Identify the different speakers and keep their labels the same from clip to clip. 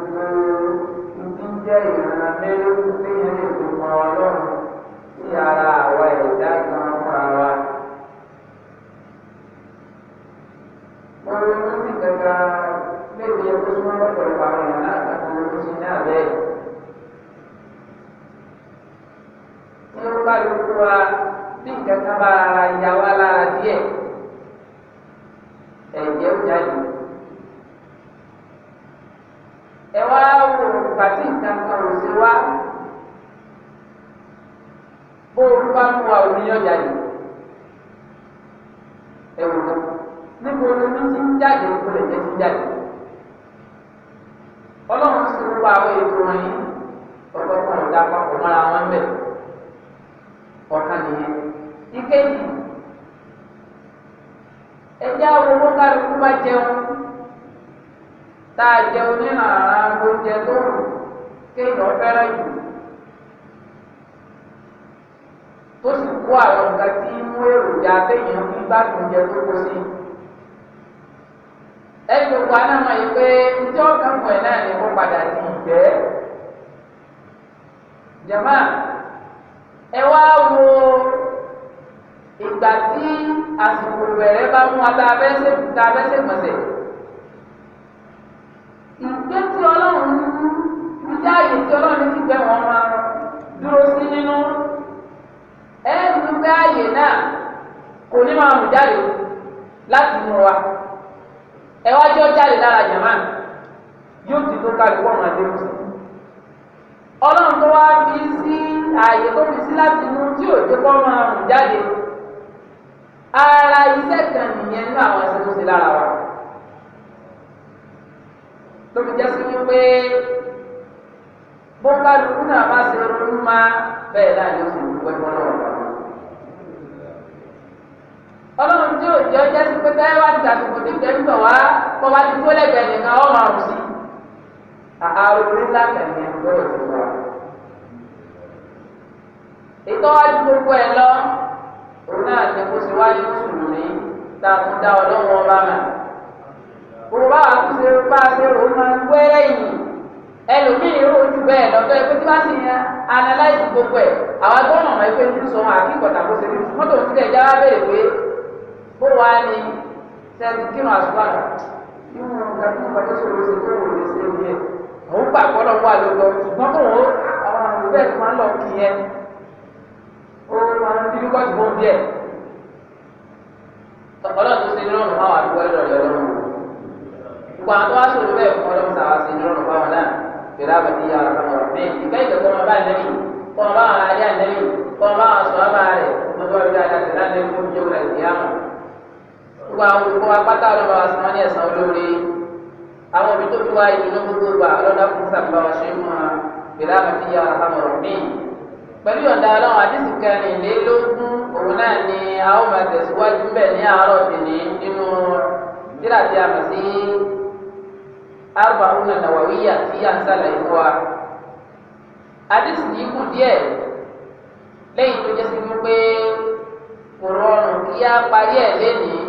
Speaker 1: gbogbo ìdíjẹ́ ìrànlọ́mẹ́rẹ́ fẹ́ràn jù tó sì kó àwọn nǹkan tí ń mú èròjà téèyàn ń bá dùn jẹ tó kó sí.
Speaker 2: ẹni gbogbo aná mọ̀ yìí pé tí ọ̀kan pọ̀ náà ni kó
Speaker 1: padà sí ìgbẹ́. jàmá ẹ wá wo ìgbà tí àsìkò ìbẹ̀rẹ̀ bá mú adábẹ́sẹ̀ gbọ̀nsẹ̀. ìgbé tí ọlọ́run sí ààyè tí ọlọ́run ti gbẹ wọn máa dúró sí nínú ẹ̀ẹ́dì gbígbé ààyè náà kò ní máa mú jáde láti mú wa ẹ wá jọ jáde lára jàmá yóò ti tó ká ìwọ ọ̀nà àdéhùn sí ọlọ́run tó wá fi sí ààyè tó fi sí láti mú tí ò dé kọ́ máa mú jáde ara iṣẹ́ kan nìyẹn nínú àwọn ẹsẹ̀ tó ṣe lára wa lórí jẹ́sí wípé bó kálukú náà bá ṣe ronú má bẹ́ẹ̀ náà yóò sì dúpẹ́ fọlọ́run ọlọ́run tí yóò jẹ́ ọjọ́ sí pé táyé wá ti àtùkù tí ìjẹ́ ń bọ̀ wá kọ́ wá ti gbólẹ̀ bẹ̀ nìkan ọ̀rọ̀ àrùn sí. àárò orí ńlá tẹ̀lé ẹ̀ lọ́rọ̀ tó wà. ètò wájú gbogbo ẹ̀ lọ òun náà ti kó sí wájú mùsùlùmí tá a tún dá ọlọ́run ọba mà. òun bá wà kó ṣe bá ẹlòmíì ojú bẹ́ẹ̀ lọ́tọ́ ẹ pé kíláàsì yẹn analyze gbogbo ẹ̀ àwọn agbọ́nà ọ̀nà ẹgbẹ́ awa sọ àkíkọ̀tà kó ṣe lóṣù mọ́tò tí ẹ̀ jáwá bẹ̀rẹ̀ pé bó wà ní sẹ́ni kírun àṣùwàdà
Speaker 2: nínú ọ̀gá tí wọ́n bàjẹ́ sọ̀rọ̀ ṣe lè ṣe ẹ̀
Speaker 1: òun wà ṣùgbọ́n wọ́n àwọn àwọn قراءة يا رب العالمين كيف كما بعد النبي كما بعد على النبي كما بعد صحابة عليه مدور إلى الأسلام لكم يوم القيامة وأقول أقطع لما أسمعني أسمعني àwọn òbí tó fi wá ìdùnnú gbogbo gbà ọlọ́dà fún sàgbà wọn ṣe ń mú wa ìlà àti ìyá àmọ̀ràn mí. pẹ̀lú ọ̀dà ọlọ́run àdìsí kẹrìnlélógún òun náà ni a ó máa tẹ̀síwájú bẹ́ẹ̀ ní àárọ̀ tèmi nínú tíra tí a arbauna nawawiya tí à ń sàlàyé fún wa àdìsí yìí kù díẹ̀ lẹ́yìn tó jẹ́ sí wípé kò rọrùn kí á parí ẹ̀ lénìí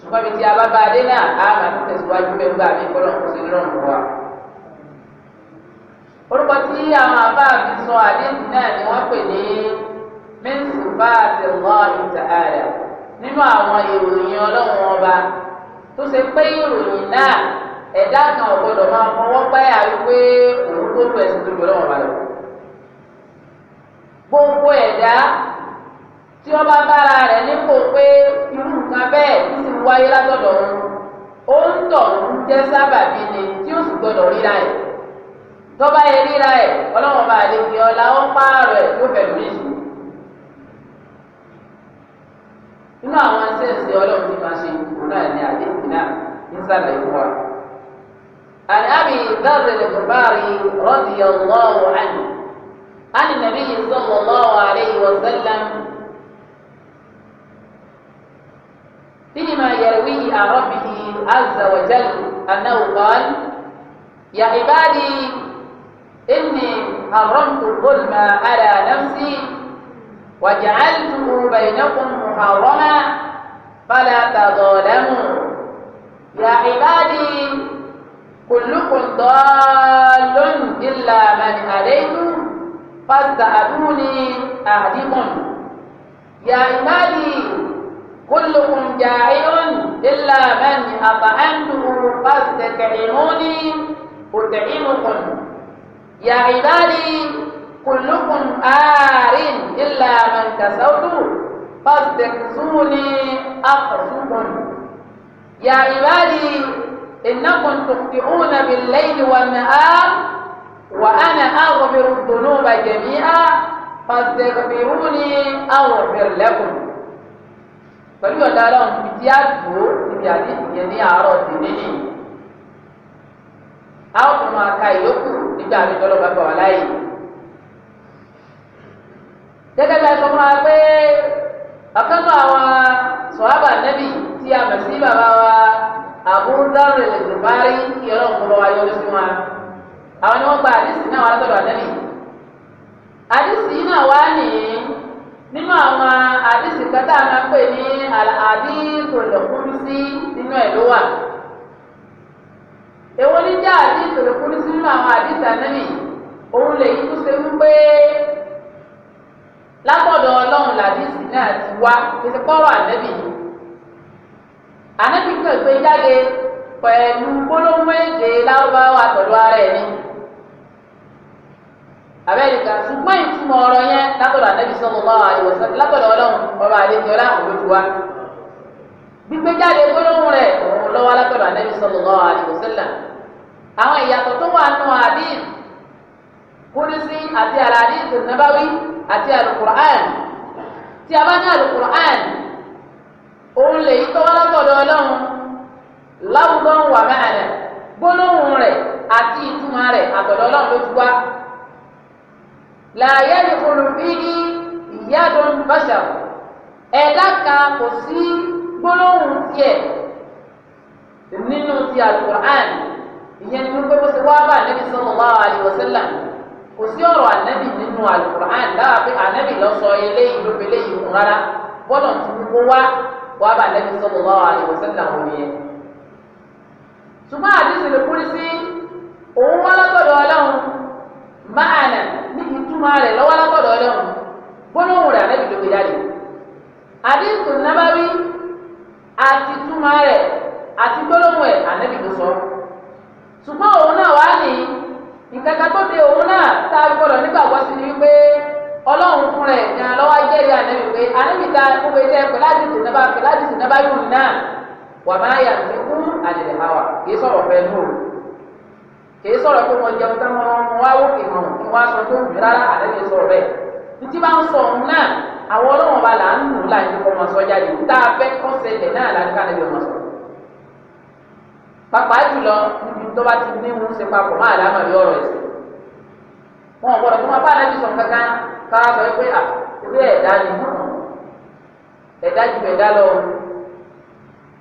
Speaker 1: ṣùgbọ́n mi ti abábá adé náà á máa tún tẹ̀síwájú bẹ́ẹ̀ gbà mí kọ́ lọ́n kó sí rọrùn wa. orúkọ tí àwọn àbá mi sọ àdéhùn náà ni wọ́n pè ní mínísítì bá àtẹ̀wọ́ ìtàhàdà nínú àwọn ìròyìn ọlọ́run ọba tó ṣe pé ìròyìn náà ẹ̀dá kan ò gbọdọ̀ máa fọwọ́ páyà wípé òun tó tó ẹ̀sìn tó gbé ọlọ́wọ́ balẹ̀ gbogbo ẹ̀dá tí wọ́n bá bára rẹ̀ nípò pé irú nǹkan bẹ́ẹ̀ tí sì wáyé látọ̀dọ̀ òun ó ń tọ̀ ń jẹ́ sábàbí ni tí ó sì gbọdọ̀ ríra ẹ̀ tọ́ba yẹ ríra ẹ̀ ọlọ́wọ́n bá lè fi ọlá ó pààrọ̀ ẹ̀ tó fẹ̀lú mi sùn. inú àwọn ṣẹ́ǹsì ọlọ́run ti máa ṣe ìkùnà ní àdéhùn náà ń sàlẹ̀ fún wa. عن أبي ذر الغفاري رضي الله عنه عن النبي صلى الله عليه وسلم فيما يرويه عن ربه عز وجل أنه قال يا عبادي إني حرمت الظلم على نفسي وجعلته بينكم محرما فلا تظالموا يا عبادي كلكم ضال إلا من هديتم فاستهدوني أهدكم يا عبادي كلكم جائع إلا من أطعمته فاستطعموني أطعمكم يا عبادي كلكم آر إلا من كسوت فاستكسوني أقصكم يا عبادي إنكم تخطئون بالليل والنهار وأنا أغفر الذنوب جميعا فاستغفروني أغفر لكم pẹ̀lú ọ̀dà ọlọ́run ibi tí a dùn ó níbi àdéhùn yẹn ní àárọ̀ sí nílì a ó tún máa ka ìyókù nígbà tí ọlọ́run bá gbà wá láàyè.
Speaker 2: gẹ́gẹ́ bí a sọ fún wa pé
Speaker 1: ọ̀kan náà àwọn sọ̀hábà nẹ́bì tí a mọ̀ sí bàbá wa àbúrúdárìn ìgbàrí ìyọrọ òkúrọ wa yọrí sí wọn àwọn ni wọn gba àdìsí náà wà látọ̀dọ̀ àtẹnì
Speaker 2: àdìsí náà wà ní
Speaker 1: nínú àwọn àdìsí kẹta máa ń pè ní àbí tòlẹkùrúsí nínú ẹ ló wà èwo ní jẹ àbí tòlẹkùrúsí nínú àwọn àdìsí àtẹnì òun lè yí tó ṣe wípé látọ̀dọ̀ Ọlọ́run làdìsí náà ti wá kí ti pọrọ àtẹnì yìí. ànábì kan gbé jáde pẹ̀lú gbólóhùn èdè lárúbáwá pẹ̀lú ara ẹ̀ ni abẹ́ẹ̀dìkà ṣùgbọ́n ìtumọ̀ ọ̀rọ̀ yẹn látọ̀dọ̀ ànábì sallallahu alaihi wasallam látọ̀dọ̀ ọlọ́run ọba àdéjọ́lá òjòjú wa gbígbé jáde gbólóhùn rẹ̀ òun lọ́wọ́ látọ̀dọ̀ ànábì sallallahu alaihi wasallam àwọn ìyàtọ̀ tó wà nù kúrísí àti tí a bá ní àlùkùrán òun lè yí tọ́wọ́ látọ̀dọ̀ ọlọ́run láwùjọ ń wà mẹ́rin gbólóhùn rẹ̀ àti ìtumọ̀ rẹ̀ àtọ̀dọ̀ ọlọ́run ló ti wá. làyé ìkùnrin bí ní ìyáàdùn bàṣà ẹ̀dá kan kò sí gbólóhùn tiẹ̀ nínú ti alukur'an ìyẹn ni wípé bó ṣe wá bá ànábì sallallahu alaihi wasallam kò sí ọ̀rọ̀ ànábì nínú alukur'an dáhà pé ànábì lọ sọ eléyìí ló fi eléyìí rárá bọ́lọ̀ ti wípé wá wàá bá nẹ́bí sọ́mọ́ wá wà ní ọ̀sẹ̀ làwọn nìyẹn. ṣùgbọ́n àdìsí ni kúrí sí òun wá látọ̀dọ̀ ọlọ́run máa nà ní ìtumọ̀ rẹ̀ lọ́wọ́ látọ̀dọ̀ ọlọ́run gbólóhùn rẹ̀ ànẹ́bí ló fi jáde. àdìsí nàbáwí àti ìtumọ̀ rẹ̀ àti gbólóhùn ẹ̀ ànẹ́bí ló sọ. ṣùgbọ́n òun náà wá ní ìkẹ́kẹ́ tó de òun náà tá a gbọ́dọ̀ nígbàgbọ́ sí ni wípé ọlọ́run fún rẹ̀ ní alọ́wọ́ jẹ́rìí ànábì pé ànábì ta gbogbo ẹ̀jẹ̀ pẹ̀lú àdìsí náà bá pẹ̀lú àdìsí náà bá yùn náà wà máa yà ní kún àlèlè àwà kìí sọ̀rọ̀ fẹ́ nù o kìí sọ̀rọ̀ pé wọ́n jẹun tán wọ́n mú wá wókè hàn kí wọ́n aṣọ tó wù rárá ànábì sọ̀rọ̀ bẹ́ẹ̀ ntí bá ń sọ ọ̀hún náà àwọn ọlọ́run ọba là ń nù láàyè kọ́ máa sọ jáde tá a fẹ́ kọ́ sẹlẹ̀ náà láti ànábì máa sọ pàpà jùlọ níbi tó bá ti ní wọn ṣe papọ̀ máa dáná yọrọ ẹ̀sìn wọn ò gbọdọ̀ tó máa bá ànábì sọ ká sọ pé à ìwé ẹ̀dá ni ẹ̀dá ju ẹ̀dá lọ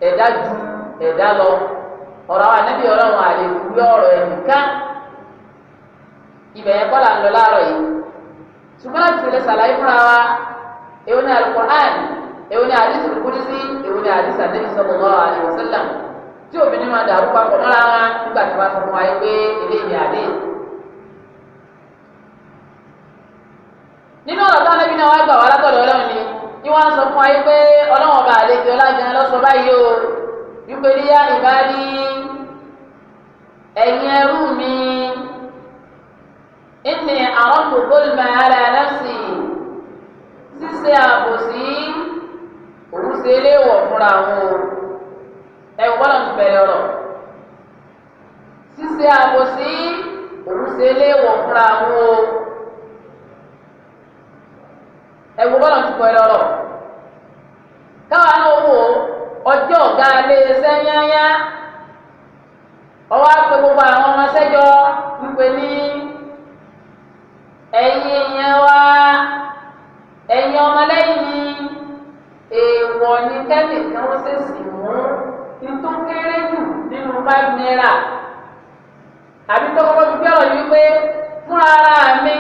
Speaker 1: ẹ̀dá ju ẹ̀dá lọ ọ̀rọ̀ àwọn anábì ọlọ́run àlè wí ọ̀rọ̀ ẹ̀nìkan ibẹ̀ yẹn kọ́ là ń lọ láàárọ̀ yìí ṣùgbọ́n láti ṣẹlẹ̀ ṣàlàyé fúnra wa èwo ni alukur'an èwo ni àdìsí kúdísí èwo ni àdìsí àdìsí sallallahu alaihi wasallam tí òbí ni máa dàrú papọ̀ mọ́ra wọn nígbà tí wọ́n sọ fún wa yìí pé eléyìí ni àdìsí. nínú ọ̀rọ̀ táwọn ẹbí náà wá gbà wá látọ̀dọ̀ ọlọ́run ni ni wọ́n á sọ fún wa yí pé ọlọ́run ọba àlejò ọlájà lọ́sọ báyìí o wípé níyà ìbárí ẹ̀yin ẹrú mi ìní àwọn kòkòrò màálà lẹ́sì ṣíṣe àbòsí òun ṣe léèwọ̀ fúnra wọn ẹ̀wọ̀n bọ́lá ń bẹ̀rẹ̀ ọ̀rọ̀ ṣíṣe àbòsí òun ṣe léèwọ̀ fúnra wọn o. fún ẹ lọ́rọ̀ káwa náà wò ọjọ́ ọ̀gá lè ṣẹ́ yányá ọwọ́ àpè gbogbo àwọn ọmọ sẹ́jọ́ ń pè ní ẹ̀yin yẹn wá ẹ̀yin ọmọlẹ́yìn ni èèwọ̀ ni kẹ́nìkan ó ṣèṣì mú tó kéré jù nínú five naira àbí tọkọtọ fi fẹ́ràn yìí pé fúnra ara mi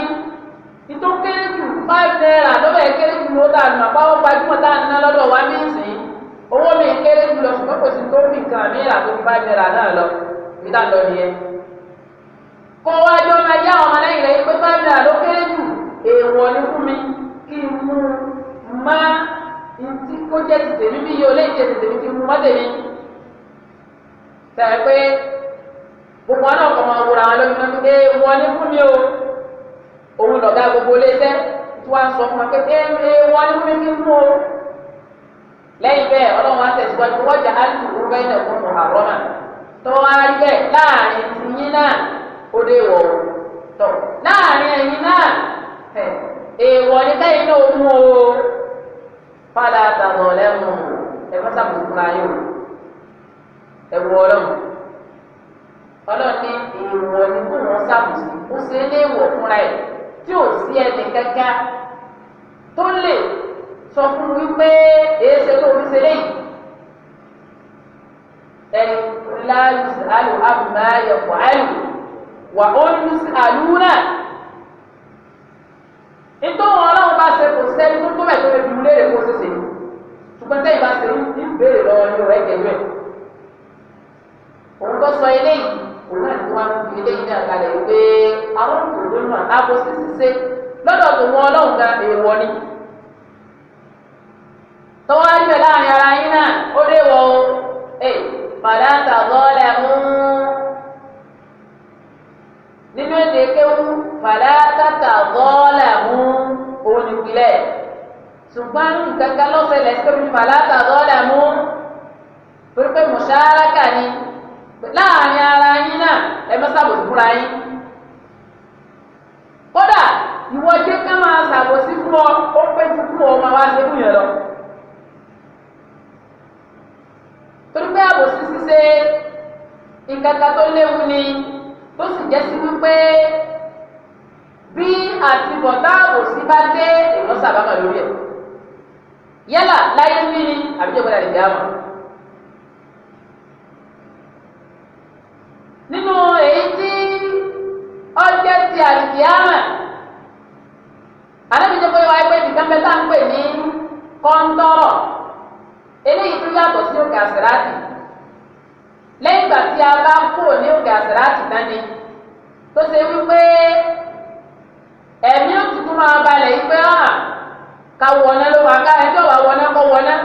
Speaker 1: ìtò kéré jù five naira lọ́wọ́ ẹ̀ kéré jù ló dànù àpáwọ́ gbajúmọ̀ tá à ń ná lọ́dọ̀ wa ní ìsìn owó mi kéré jù lọ ṣùgbọ́n kò sí tó fi kàn mí ìrà tó fi five naira náà lọ bí dà lọ nìyẹn. kọ́ wá jọ máa yá ọmọ lẹ́yìn rẹ̀ pé five naira ló kéré jù èèwọ̀ ni fún mi kí n mú má ntí kó jẹ́ tètè mi bí iye olè jẹ́ tètè mi kí n mú má tèmi. sẹ́ẹ̀ pé gbogbo àwọn ọkọ̀ máa wúra wọn lórí lọ̀gá gbogbo léṣẹ́ tí wọ́n á sọ fún wa pé ẹ ẹ wọ́n ní wọ́n fi mú o. lẹ́yìn bẹ́ẹ̀ ọlọ́run á tẹ̀síwájú wọ́n jà á lù ú bẹ́ẹ̀ náà fún ọ̀hárọ́ náà tó wá rí bẹ́ẹ̀ láàrin tìyín náà ó dé wọ̀ ọ́ tọ̀ láàrin ẹ̀yin náà èèwọ̀ ní káyìn náà ó mú o fàlà àtàwọn lẹ́nu ẹ̀fọ́ sàkóso ayé o ẹ̀wù ọlọ́run ọlọ́run ní èèwọ̀ ní kó wọn sàkóso ó ṣe é léèwọ̀ fúnra ẹ̀ tí ò sí ẹnì kankan tó lè sọ fún mi pé èyí ṣe tó fi ṣe léyìí ẹni láàyè àlò àmàyẹ wà áyò wà ó ń lu àlù náà nítorí ọlọ́run bá ṣe kò sẹ́ni tó tó bẹ̀ tó lè dùn kó ṣe ṣe ṣùgbọ́n tẹ́yìn bá ṣe ń béèrè lọ́wọ́ ní ọ̀rẹ́ kẹjọ ẹ̀ òun tó sọ eléyìí òun náà tó wá fi eléyìí náà kalẹ̀ pé àwọn òdòdó náà àbòsí ṣiṣẹ́ lọ́dọ̀ tó wọn ọlọ́run ga èèwọ̀ ni. tọ́wọ́ ibẹ̀ láàrin ara yín náà ó dé wọ o ẹ̀ màdá tàbọ́lẹ̀ mú. nínú èdè kéwú màdá tàbọ́lẹ̀ mú òun nìpínlẹ̀ ṣùgbọ́n nǹkan kan lọ́sẹ̀ lẹ́sẹ̀ mi màdá mú pé pé mùsàlákà ni láàrin ara yín náà ẹ mọ́ sábò fúnra yín kódà ìwọ jẹ́ ká máa ṣàbòsí fún ọ ó pé ju fún ọ máa wá ṣe fún yẹn lọ. torí pé àbòsí ṣíṣe nǹkan kan tó léwu ni tó sì jẹ́ sí wípé bí àtibọ̀tá àbòsí bá dé èèyàn sábàmà lórí ẹ̀ yálà láyé ní àbíjọba lè dáhùn.
Speaker 2: nínú èyí tí
Speaker 1: ọjọ́ ti àlìkìyàmà
Speaker 2: anábìjẹ́ pé wáyé pé nìkan bẹ́ẹ̀ tá à ń pè ní
Speaker 1: kọ́ńtọ́rọ̀ eléyìí tó yàtọ̀ sí òkè àsìrátì
Speaker 2: lẹ́yìn ìgbà tí a bá kúrò ní òkè àsìrátì
Speaker 1: dání tó ṣe wípé ẹ̀mí òtútù máa balẹ̀ yìí pé ọ̀hà ah, ká wọná ló wà ká ẹjọ́ wa wọná kọ́ wọná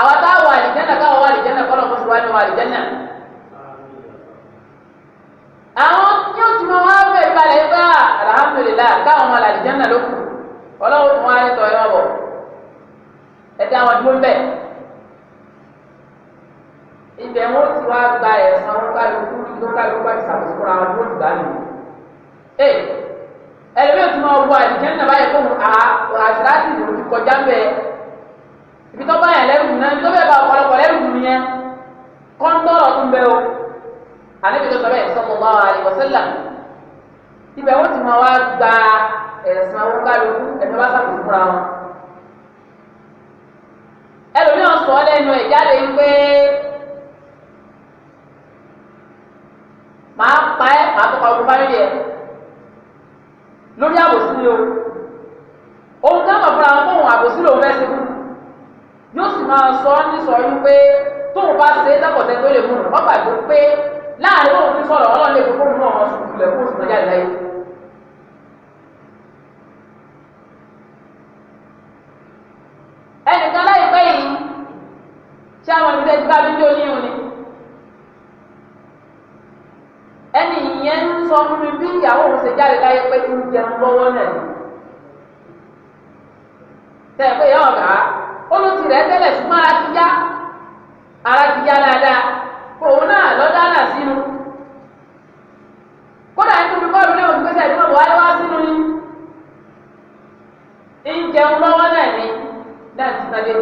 Speaker 1: àwa tá a wà àlìjẹ́nà káwọn wà àlìjẹ́nà kọ́ lọ́kọ́ sí wa ni wà àlìjẹ́nà. àwọn tí ó mọ wá b balẹ̀ yìí bá alhamdulillah káwọn ọmọ làdìjẹ́ náà ló kù ọlọ́wọ́ fún wa ní tọ́ yọ bọ̀ ẹ̀dá wọn dúró bẹ́ẹ̀ ibẹ̀ wọn ti wá gba ẹ̀sán wọn kálukú ló kálukú bá ti sàkóso ra wọn dúró gbà nù. ẹ ẹlẹ́mí ò tún máa wọ àdìjẹ́ náà báyẹn fún àṣìláṣì ló ti kọjá bẹ́ẹ̀ ibi tó bá yẹn lẹ́rù náà ibi tó bẹ́ẹ̀ bá ọ̀pọ̀lọpọ̀ lẹ́rù nìyẹn kọ́ńtọ́rọ̀ tún bẹ́ẹ̀ o àníbi tó sọ bẹ́ẹ̀ sọ́kùnrin ibẹ̀ wọ́n ti máa wá gba ẹ̀sán owó kálukú ẹ̀fẹ́ bá sàkóso fúnra wọn. ẹlòmíràn sọ ọ́ lẹ́nu ẹ̀ jáde pé màá pa ẹ́ màá tó pa ọdún báyìí yẹ lórí àbòsí ni o òun dábàá fúnra wọn fóun àbòsí lòun fẹ́ sí yóò sì máa sọ ọ́ ní sọ yín pé tóun bá ṣe é dákọ̀tẹ́ tó lè mú un wọ́n gbàgbé pé láàrin òun fi sọ̀rọ̀ ọlọ́ọ̀lẹ́ ìfowópamọ́ náà wọn sùn kulẹ̀ fún òṣùpá jáde láyé. sọ fún mi bí ìyàwó òun ṣe jáde láyé pé kí n jẹun lọ́wọ́ náà tẹ̀ pé ìyá ọ̀gá ó ló ti rẹ̀ tẹ́lẹ̀ ṣùgbọ́n ara ti yá ara ti yá dáadáa òun náà lọ́dá náà sínú kódà ní tóbi bọ́ọ̀lù náà òun gbèsè ìdúró wáyé wá sínú ni ń jẹun lọ́wọ́ náà ni náà ti sáré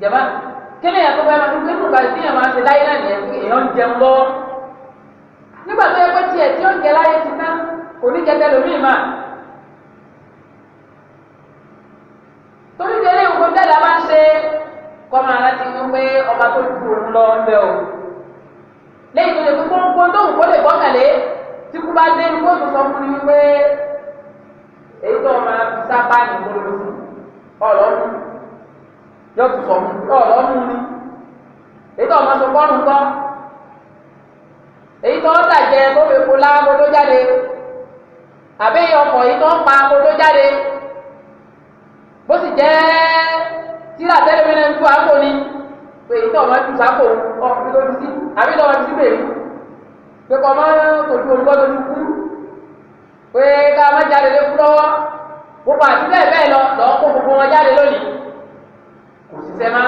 Speaker 1: jẹba kíni ẹ̀kọ́ bá yẹn máa ń gbé nígbà tí èèyàn máa ń ṣe láyé náà nìyẹn èèyàn ń jẹun lọ́wọ́
Speaker 2: nígbà tó yẹ tiẹ̀ tí ó jẹ láyé ti
Speaker 1: kò ní kẹtẹ tẹlómìn mà.
Speaker 2: torí délé ìwé dẹ́là máa ń ṣe
Speaker 1: kọ́mọ aláti ń pé ọba tó lọ ń o. lẹ́yìn tó lè fi tó ń kó lè bọ́kàlé tí kú bá dé kó tó sọ fún mi pé èyí tó máa fi sábà èyí tó ń tàjẹ kó fi kú lá kótó jáde àbẹ́yẹ ọkọ̀ yìí tó ń pa kótó jáde bó sì jẹ́ tíra tẹ́lẹ̀mẹ́lẹ́ ń tú àpò ni pé èyí tó ọmọ ti sápò ọkùnrin tó ti sí àbí tó ọmọ ti sí bèrè pé kọ́ ọmọ kò ju olùkọ́ tó ti kú pé ká má jáde lé kú lọ́wọ́ gbogbo àti bẹ́ẹ̀ bẹ́ẹ̀ lọ lọ́ọ́ kó gbogbo wọn jáde lónìí kò sí sẹ́mà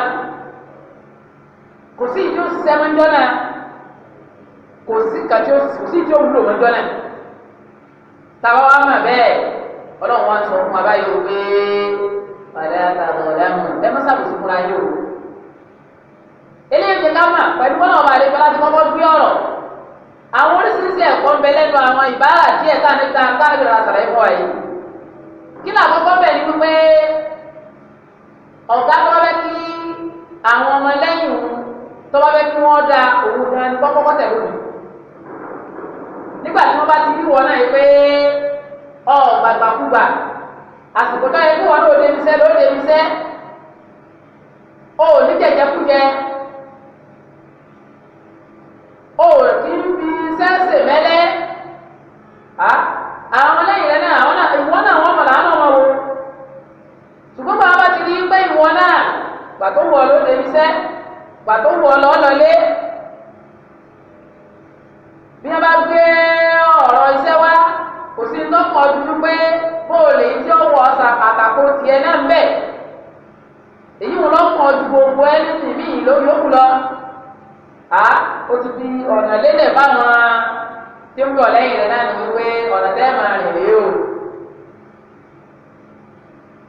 Speaker 1: kò sí ìdí ó ń jọ́ náà kò sí kàtí ó sì tí ó wúlò mọ́jọ́ náà tàbá wa mà bẹ́ẹ̀ ọlọ́run wa sọ fún wa báyìí o pé padà àtàwọn ọ̀dàmù ẹ má sàbòsí fúnra yìí o eléyìí ti ká mà pẹ̀lú bọ́lá ọba àlejò láti kọ́kọ́ gbé ọ̀rọ̀ àwọn oríṣiríṣi ẹ̀kọ́ ń bẹ lẹ́nu àwọn ìbára díẹ̀ tá a níta káàkiri àtàrà ẹ̀kọ́ yìí
Speaker 2: kí ni àkọ́kọ́ bẹ̀ ni wípé
Speaker 1: ọ̀gá tó bá kí àwọn ọmọ lẹ́yìn tó bá kí wọ́n da òun gan ni kọ́kọ́ tẹ̀lé òun. nígbà tí wọ́n bá ti wíwọ náà yìí ọ gbàgbàkúgbà àsìkò táyé kí wọn náà débi sẹ́ ló ó ní jẹjẹkújẹ ó kí ń fi sẹ́sẹ̀ mẹ́lẹ́ àwọn lẹ́yìn rẹ̀ náà ìwọ náà
Speaker 2: ṣùgbọ́n bá ti rí pé ìwọ náà gbàtó ló gbàtó
Speaker 1: àpò tiẹ̀ náà ń bẹ̀ èyí wọn lọ́kàn ju gbogbo ẹni tì mí yòókù lọ à ó ti di ọ̀nà lélẹ̀ báwọn tí ń bọ̀ lẹ́yìn rẹ̀ náà ní wípé ọ̀nà tẹ́ máa rìn rèé o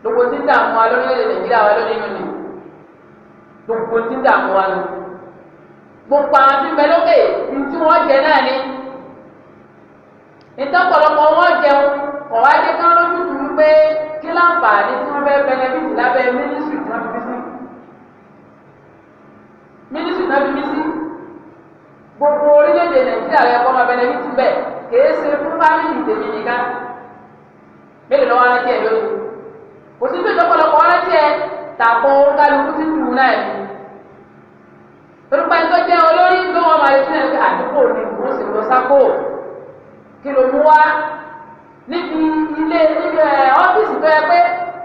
Speaker 1: gbogbo tí ń wa lórílẹ̀-èdè nàìjíríà wa gbogbo tí ń wa gbogbo àwọn tí ń bẹ láǹfààní tí wọ́n fẹ́ bẹnẹfìtì lábẹ́ mínísírì tí wọ́n fi sí mínísírì náà fi mí sí gbogbo orílẹ̀-èdè nàìjíríà rẹ̀ kọ́ máa bẹnẹfìtì bẹ́ẹ̀ kèé ṣe fún fámìlì tèmi nìkan mélòó lọ́wọ́ arántí ẹ̀ lónìí kò sí pé ìjọpọ̀lọpọ̀ arántí ẹ̀ tàkùn kálukú ti tù náà ni torípa ẹjọ́ jẹ́ olórí tó wọn máa ṣe ẹ̀ka àdúgbò ní ìwọ́n sì lọ sákò kí ló mú wá níbi ilé níbi ẹ̀ tó yẹ pé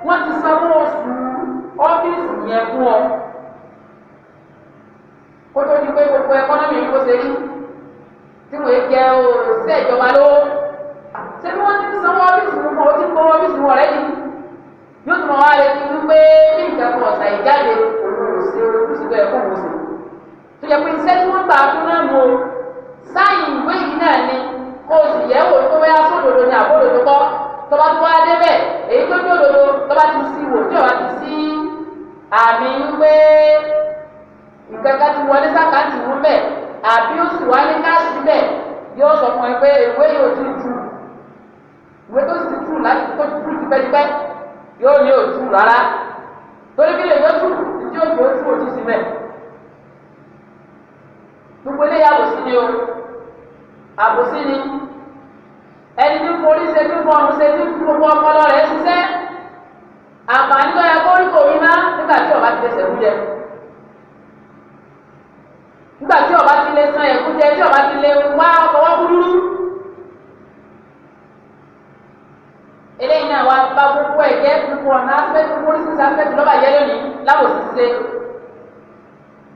Speaker 1: wọ́n ti sanwó oṣù ọ́fíìsì yẹn fún ọ kó tó di pé gbogbo ẹkọ́nọ́mì kó ṣe rí
Speaker 2: tí wọ́n jẹ́ òṣìṣẹ́ ìjọba lówó
Speaker 1: ṣé bí wọ́n ti ti sanwó ọ́fíìsì fún ọ ti gbowó ọ́fíìsì wọn rẹ́ yìí yóò tún wá lè fi wípé bí nǹkan ọ̀sà ìjáde òun ò ṣe ojúṣe tó tó yẹ pé iṣẹ́ tí wọ́n gbà fún náà mo sáyìn ìwé yìí náà ni kó o sì yẹ̀ wò tó wẹ́ tọ́ba tó wá débẹ̀ èyí tó tó dodo tọ́ba ti sí wò tí ọba ti sí àmì wípé ìkẹ́kẹ́ ti wọlé sákàtì wú bẹ̀ àbí ó sì wálé káàsì bẹ̀ yóò sọ fún ẹ pé ìwé yóò ti jù ìwé tó sì jù láti tó jù tipẹ́tipẹ́ yóò ní òjù rárá torí bí lè yóò jù tí ó jù ó jù òjì sí bẹ̀ gbogbo eléyàwó sí ni o àbòsí ni ẹni tí forí ṣe tí fọrùn ṣe tí gbogbo ọpọlọ rẹ̀ ṣiṣẹ́ àǹfààní tó yẹ kó rí kò rí má nígbà tí ọba ti lè ṣẹ̀kú jẹ nígbà tí ọba ti lè san ẹ̀kú jẹ tí ọba ti lè wá ọkọ̀wá kúdúrú
Speaker 2: eléyìí náà wá bá gbogbo ẹ̀ jẹ́ gbogbo ọ̀nà aspect
Speaker 1: gbogbo oríṣiríṣi aspect lọ́ba yẹ lónìí láwòsí ṣe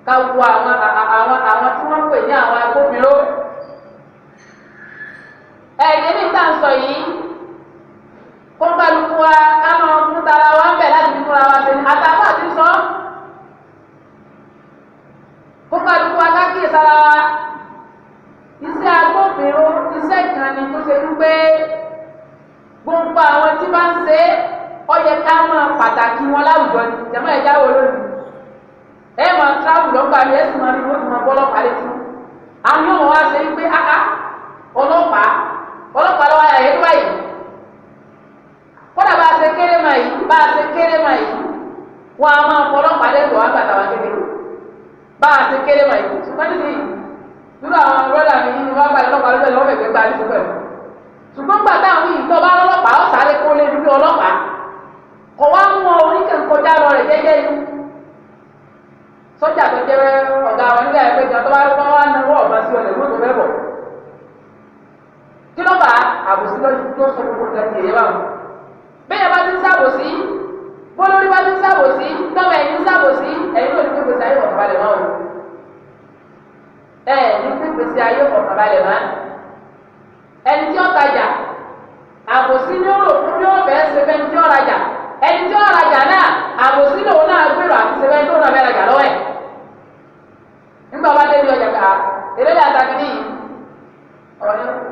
Speaker 1: ká wo àwọn àwọn àwọn tí wọ́n pè ní àwọn agbófinró ẹ̀jẹ̀ ní ìtànsọ yìí kó kálukú wa kánú mútara wa ń bẹ̀ láti fi múra wa sẹ́ni àtàwọn àti sọ kó kálukú wa kákìí sára wa iṣẹ́ agbófinró iṣẹ́ ìkànnì tó ṣe wípé gbogbo àwọn tí bá ń ṣe é ó yẹ ká máa pàtàkì wọn láwùjọ ni jẹ̀mọ́ ẹ̀já wo lónìí ẹ̀ máa tíráwù lọ́gbàdo ẹ̀ sì máa ní wọ́n ti máa bọ́ lọ́pàá létí àwọn yóò wá ṣe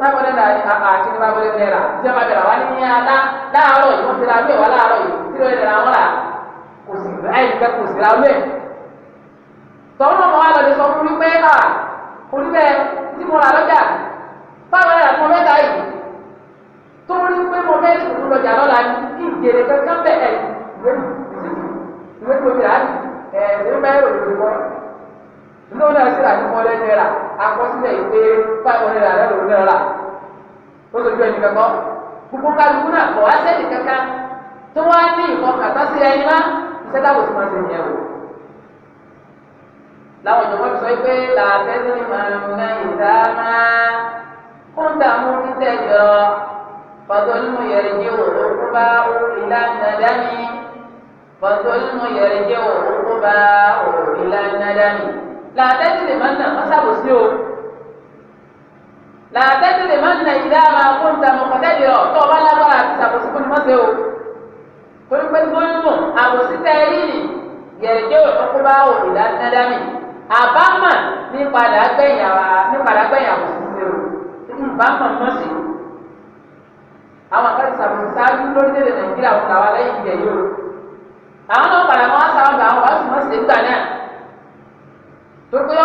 Speaker 1: lágbọ̀dẹ̀ náà àkíní bá gbọdẹ̀ náírà tí wọ́n bá bẹ̀rẹ̀ wá ní ní alá láàárọ̀ yìí wọ́n ti ra lóye wá láàárọ̀ yìí tí lóye dẹ̀ra wọn rà kò sì ráyè kẹ́ kò sì ra lóye. tọ́wọ́n náà mo wá lọ́dẹ sọ fún mi pé à oníbẹ̀ tí mo rà lọ́jà fáwọn ẹ̀rọ kan mẹ́ta yìí tó rí pé mo fẹ́ sùn lọ́jà lọ́la kí ìjèrè kankan bẹ̀ ẹ̀ ìwé ìwé tó ti rà ẹ̀ ìwé bẹ́ẹ̀ rò lórí wọn lórí àṣírí àti mọ́lẹ́ náírà akọsílẹ̀ ìwé five hundred naira lórí náírà ó sojú ẹni kankan gbogbo kálukú náà kọ̀ wá sẹ́ni kankan tó wá ní ìkan kàtá sí ẹni má ìṣẹ́dá kò sí máa ṣe ìyẹn o. láwọn ìjọba ti sọ pé làbẹ́ ní màmá ìdá máa kúńtà mú títẹ̀ jọ fọdọ́lùmù yẹ̀rẹ̀ jẹ́ òkú bá ìlànà dání fọdọ́lùmù yẹ̀rẹ̀ jẹ́ òkú bá ìlànà dání làbẹ́ ní màmá ìdá máa sábò sí o de làtẹ́tẹ́ na má nà ìdá máa kó ń dàmú kọ́tẹ́lẹ̀ ọ̀ tó o bá lágbára àti ṣàkóso fún mọ́ sí o torí pé gbólùmù àbòsí tẹ́rì yẹ̀rẹ̀dẹ́ òtúnkú bá wò ìdánilẹ́dámì àbámà nípadà gbẹ̀yà nípadà gbẹ̀yà àbòsí sí o ìbámà mọ́ sí àwọn a ṣàkóso ṣáájú lórílẹ̀-èdè nàìjíríà wọn làwọn lẹ́yìn ìjẹ yìí o àwọn náà padà wọn á sáwọn gbà wọn wá sí mọ́ sí ìgbà náà torí pé yọ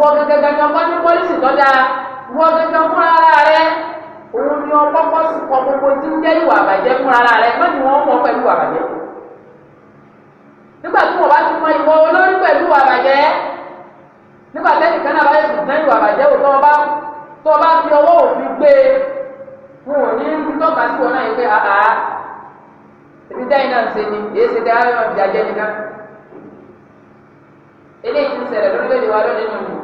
Speaker 1: wọ gẹ́gẹ́ gẹ́gẹ́ wọn ní pọ́lísì tó dáa wọ gẹ́gẹ́ fúnra ara rẹ òun ni wọn kọ́kọ́ sí kọ gbogbo tí ń jẹ ìwà àbàjẹ́ fúnra ara rẹ má ti wọn mọ pẹ̀lú àbàjẹ́ nígbà tí wọn bá ti mọ ìwọ olórí pẹ̀lú àbàjẹ́ nígbà tẹ́lẹ̀ kan náà bá yẹ sùn sẹ́yìn àbàjẹ́ òtọ́ ọba tó ọba fi ọwọ́ òfin gbé e, wọn ò ní ń tọ́ka sí wọn náà yẹ pé àhà ebi dáhìn náà ń ṣe ni èyí ṣe dáhìn náà ń fi ajẹ́ nìkan eléyìí ti ṣẹlẹ̀ lórílẹ̀-èdè wa lónìí nù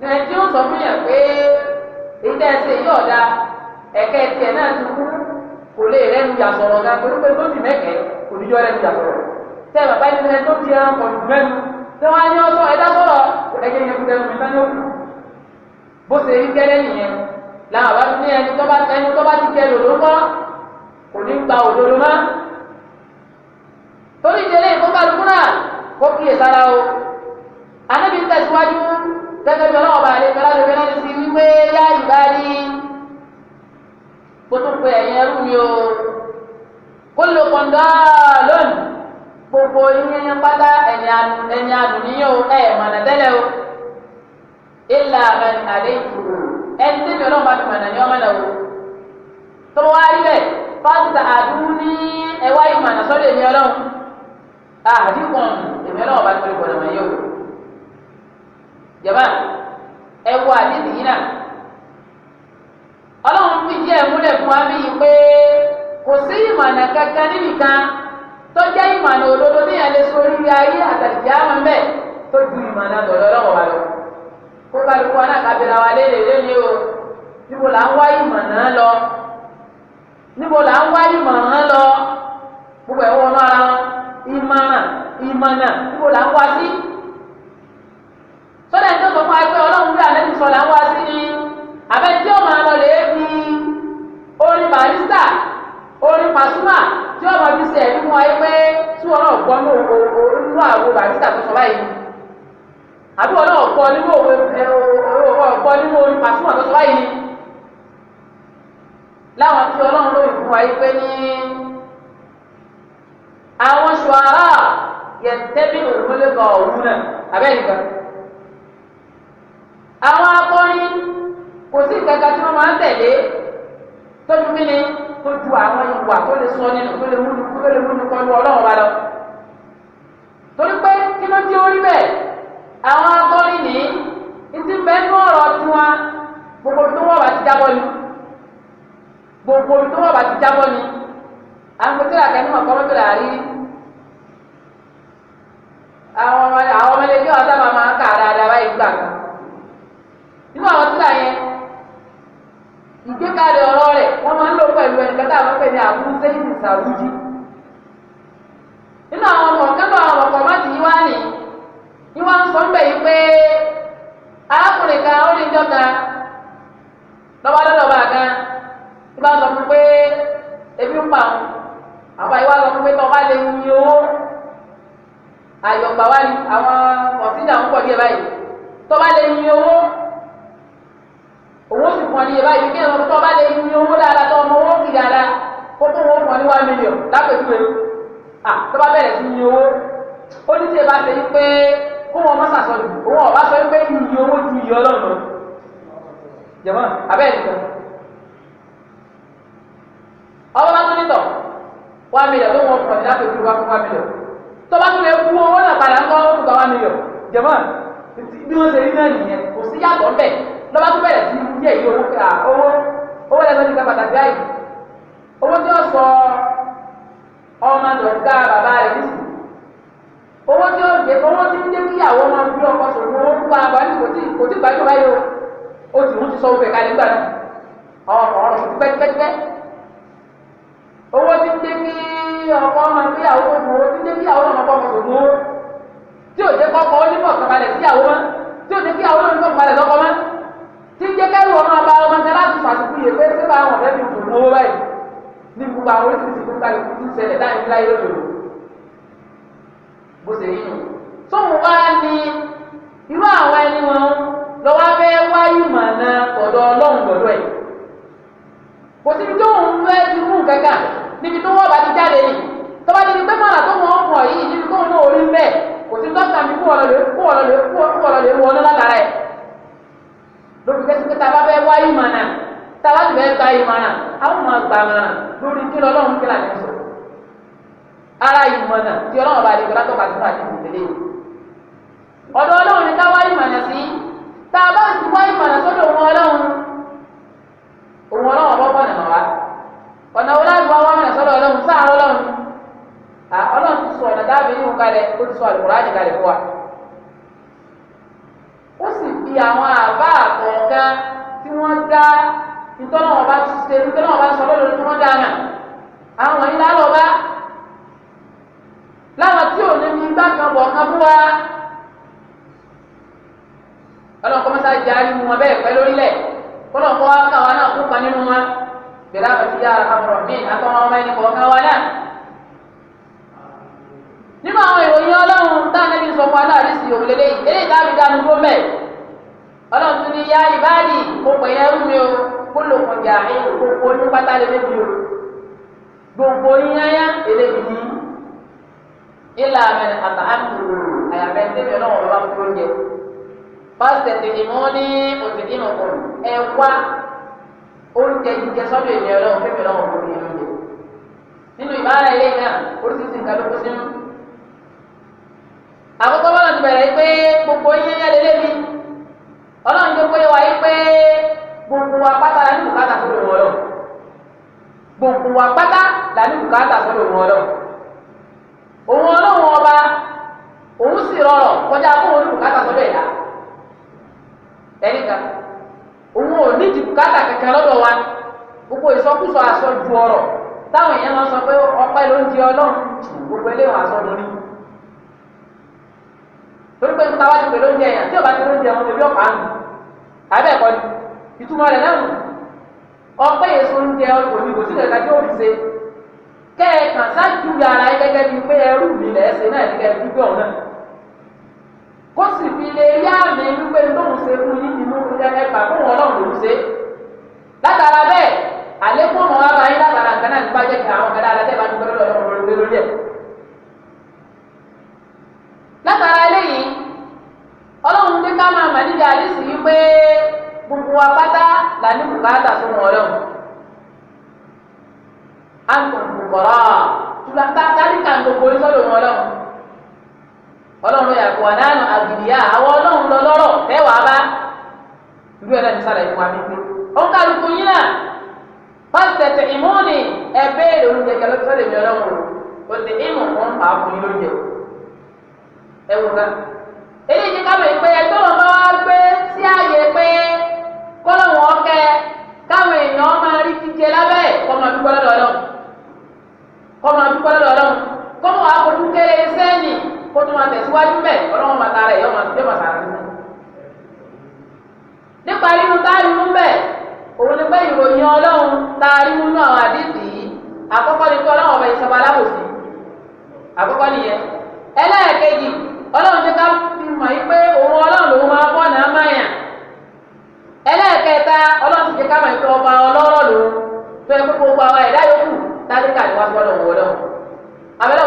Speaker 2: lẹ́yìn tí ó sọ fún yẹn pé ìtẹ́ ẹsẹ̀ yóò da ẹ̀kẹ́ tiẹ̀ náà ti kú
Speaker 1: kò lè rẹ́nu yà sọ̀rọ̀ náà pẹ̀lú pé tó ti mẹ́kẹ́ kò ní yọ rẹ́nu yà sọ̀rọ̀ tẹ́ bàbá yìí tẹ́ tó ti ẹran kọ̀ọ̀dù mẹ́nu tẹ́ wọ́n á ní ọsọ ẹ̀dá sọ̀rọ̀ ẹ̀kẹ́ yẹn kúndẹ̀ lómi sani òkú bó ṣe rí gẹ́lẹ́ nìyẹn làwọn bá ní ẹni tó bá ẹni tó bá ti kẹ lòdò ńkọ́ kò ní gba òdodo mọ́ torí ìdílé ìkókàlùkù
Speaker 2: gẹ́gẹ́ bí ọlọ́wọ́ bá lè fẹ́lá lè fẹ́lá lè fi
Speaker 1: wípé yá ìbá ní gbótó pé ẹ̀yìn ẹrú mi o kó ló kọ̀ǹdà lónìí gbogbo yíyan pátá ẹ̀yìn àdùnníyàn o ẹ̀ mọ̀nà tẹ́lẹ̀ o ìlà àmàlì àdé ìtùrù ẹni tẹ́bi ọlọ́wọ́ bá ti mọ̀nà ní ọmọ náà o tó wá rí pásítà àdúrú ní ẹwà ìmọ̀nà sọ́dọ̀ èmi ọlọ́run àdìkùn èmi ọlọ́wọ́ bá ti mọ̀nà yìí o jàmbá ẹ wo àdéhùn yìí náà ọlọ́run fi jẹ́ ìmúlẹ̀ fún wa bíi pé kò sí ìmọ̀nà kankan níbìkan tó jẹ́ ìmọ̀nà òdodo ní ẹ̀lẹ́ sórí ayé àtàlìjẹ́ àwọn ń bẹ̀ tó ju ìmọ̀nà tọ̀dọ̀ lọ́wọ́ wa lọ. kó kálukú wa náà kábìrà wa léèrè lónìí o níbo là ń wá ìmọ̀nà lọ níbo là ń wá ìmọ̀nà lọ gbogbo ẹ̀wọ̀n náà ìmọ̀nà ìmọ̀nà níbo là ń wá sí sọ́dọ̀ ẹni tó sọ fún wa pé ọlọ́run rẹ̀ àlẹ́ nìsọ̀ là ń wá sí ni àbẹ́ tí ó máa lè fi orin barista orin pasuma tí ó máa fi ṣe ẹ̀mí fún wa pé tí wọn náà ní olú àwọn barista tó sọ báyìí àbí wọn náà gbọ́ nínú ọ̀gbọ́ nínú orin pasuma tó sọ báyìí láwọn tí ọlọ́run lóyún fún wa pé ní àwọn ṣùgbọ́n yẹn tẹ́bí òun lè gbọ́ òun náà àbẹ́ nìkan àwọn akọrin kò sí kankan tí wọ́n máa ń tẹ̀lé tó ju kí ni tó ju àwọn ìwà tó lè sọ nínú tó lè múlu tó lè múlu kọlu ọlọ́run wa lọ. torí pé kí ló dé orí bẹ́ẹ̀ àwọn akọrin ní ìdí bẹ́ẹ̀ ní ọ̀rọ̀ tiwọn gbogbo tó wọ́n bá ti jábọ́ ni gbogbo tó wọ́n bá ti jábọ́ ni àgbẹ̀tẹ̀lá kẹ́ni mọ̀ kọ́mọ́tò làárí
Speaker 2: àwọn ọmọ ẹlẹ́gbẹ́ ọ̀sán máa máa kà dáadáa báyìí gbàgbọ́ nínú àwọn tíra yẹn
Speaker 1: ìgbékalẹ̀ ọ̀rọ̀ rẹ̀ wọ́n máa ń lò pẹ̀lú ẹnìkan tá a máa ń pè ní àbúrú sẹ́yìn ìsàrújí. ìfọwọ́ ti ń jẹ́ kí àwọn máa fi ọkọ sọ̀rọ̀ owó fún wa àbáyé kò tí kò tí gbàjọ báyìí o ó ti wọ́n ti sọ wọ́pẹ̀ kalẹ̀ gbàdú àwọn ọkọ̀ ọ̀rọ̀ sùn pẹ́ẹ́pẹ́ẹ́ owó ti ń jẹ́ kí ọkọ máa fi àwọn ọkọ̀ owó ti ń jẹ́ kí àwọn ọkọ̀ sọ̀rọ̀ owó tí ò jẹ́ kọ́kọ́ onímọ̀ kọ̀balẹ̀ sí àwọn mọ́ tí ò jẹ́ kí àwọn onímọ̀ kọ̀balẹ̀ lọ́kọ́ mọ́
Speaker 2: tí ń jẹ́ kẹ́rù ọmọ ọba ọmọ ọmọ láti fàṣíkú yẹ pé ṣé báwọn ọ̀rẹ́
Speaker 1: mi kò mówó báyìí ní gbogbo àwọn oríṣiríṣi gbogbo àlùkù tí ń tóun wá ní irú àwọn ẹni wọn lọ́wọ́ fẹ́ wáyé màná ọ̀dọ̀ ọlọ́run lọ́dọ̀ ẹ̀ kò síbi tóun fẹ́ ti mú kankan níbi tó wọ́n bá ti jáde yìí tọ́ba ti pé màrà tó wọ́n mọ̀ yìí níbi tóun náà orí ń bẹ̀ kò sí dọ́kítà mi kú ọ̀lọ́lẹ̀ kú ọ̀lọ́lẹ̀ kú ọ̀lọ́lẹ̀ wọ́n náà látara lórí kẹsí pé tàbá fẹ́ wáyé màná tàbá ti fẹ́ gba ìmọ̀ràn àwọn máa gbà mọ̀ràn lórí kí lọ́lọ́run kí làjọ sọ ara ìmọ̀ràn tí ọlọ́run bá lè gbọ́dọ̀ tó bá ti fà Olha, olha, pásítẹ̀tì ni wọ́n ní òtítì náà kọ̀ ẹ wá oúnjẹ jíjẹ sọ́dọ̀ ènìyàn ọlọ́run fẹ́mi ọlọ́run kò ní oúnjẹ nínú ìbára ilé náà oríṣiríṣi nǹkan ló kó sínú.
Speaker 2: àkọ́kọ́ bọ́lá ti bẹ̀rẹ̀ pé gbogbo yín ní alẹ́ lébi
Speaker 1: ọlọ́run tó pé wáyé pé gbogbo wa pátá la ní bùkátà sọ́dọ̀ wọn lọ gbogbo wa pátá la ní bùkátà sọ́dọ̀ wọn lọ òun ọlọ́run ọba òun sì rọrọ̀ kọjá fún olùbùkátà sọ́dọ̀ ẹ̀dá tẹnika òun ò nídìí bùkátà kankan lọ́dọ̀ wa gbogbo ìsọkúsọ àsọjù ọ̀rọ̀ táwọn èèyàn máa sọ pé ọpẹ́ ló ń di Ọlọ́run gbogbo eléwọn àsọ lórí torí pé níta wá ti pè lóúnjẹ yẹn tí ò bá ti lóúnjẹ wọn ebi ọ̀pá nù abẹ́ ẹ̀kọ́ ni ìtumọ̀ rẹ̀ náà nù ọpẹ́ yẹn so ń jẹ ọkọ̀ ní kò sí ìrẹ̀lẹ̀ tí ó fi ṣe kẹ́ẹ̀kan ṣáájú yàrá yẹn gẹ́gẹ́ bíi pé ẹrú mi lẹ́ẹ̀ṣẹ̀ náà ní kẹ́ẹ̀ dúpẹ́ ọ̀hún náà kó sì fi lè rí àmì wípé lóhùn òun ni pé ìròyìn ọlọ́run tá a rí nínú àwọn àdéhùn yìí àkọ́kọ́ ni pé ọlọ́run ọba ìṣọba aláwòsí àkọ́kọ́ nìyẹn ẹlẹ́ẹ̀kejì ọlọ́run ti ká mọ̀ yí pé òun ọlọ́run lòun máa bọ́ náà máyà ẹlẹ́ẹ̀kẹta ọlọ́run ti ká mọ̀ yí pé ọba ọlọ́rọ̀ lòun tó ẹ kókó gba ọba ẹ̀dá yòókù tálíkà ni wọ́n gbọ́dọ̀ wọ̀ lọ́wọ́ abẹ́rẹ́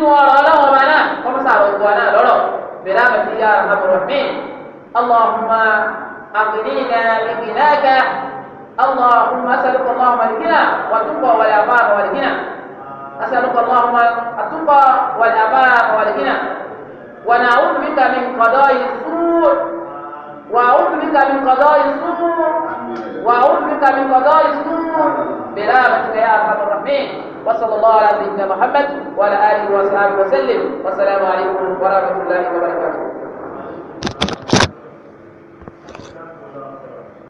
Speaker 1: ọlọ́run ọba náà kọ́mọ́sà أغنينا بغناك اللهم أسألك اللهم الغنى والتقى والعفاف والغنى أسألك اللهم
Speaker 2: التقى والعفاف والغنى ونعوذ بك من قضاء
Speaker 1: السوء وأعوذ بك من قضاء السوء وأعوذ بك من قضاء السوء برحمتك يا أرحم الراحمين وصلى الله على سيدنا محمد وعلى آله وصحبه وسلم والسلام عليكم ورحمة الله وبركاته Doch.